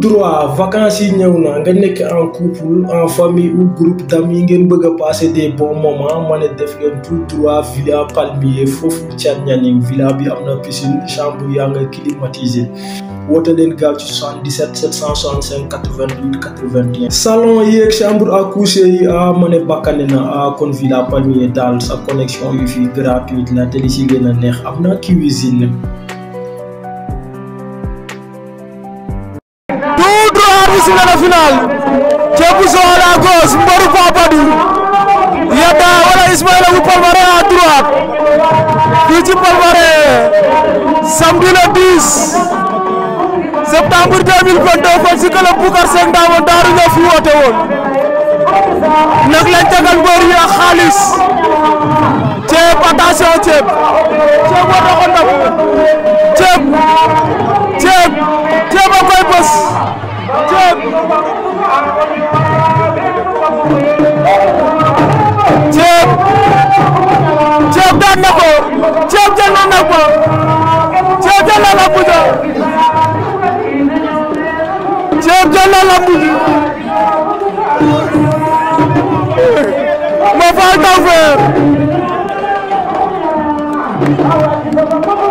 droit vacances yi ñëw na nga nekk en couple en famille ou groupe d'amis ngeen bëgg a passer des bons moments ma ne def ngeen tout droit villa Palmier foofu Thiat Nianing villa bi am na piscine chambre yaa nga climatisé woote leen gaaw ci 77 765 88 81. salon yeeg chambre à coucher yi ah ma ne bakkane na ah kon villa Palmier daal sa connexion yu fii gratuite la te li si gën a neex am na cuisine. tout droit bi si la final Thiékou Sow à la gauche Mboru Papadi Yada wala Ismaïla bu Palmarin à droite fii ci Palmarin samedi le 10 septembre 2022 kon si club Boucar Sène Ndamane Darou ñoo fi woon nag lañ tegal yi ak xaalis ceeb attention ceeb ceeb daan na ko Thiès jël na lamb ja Thiès jël na lamb ji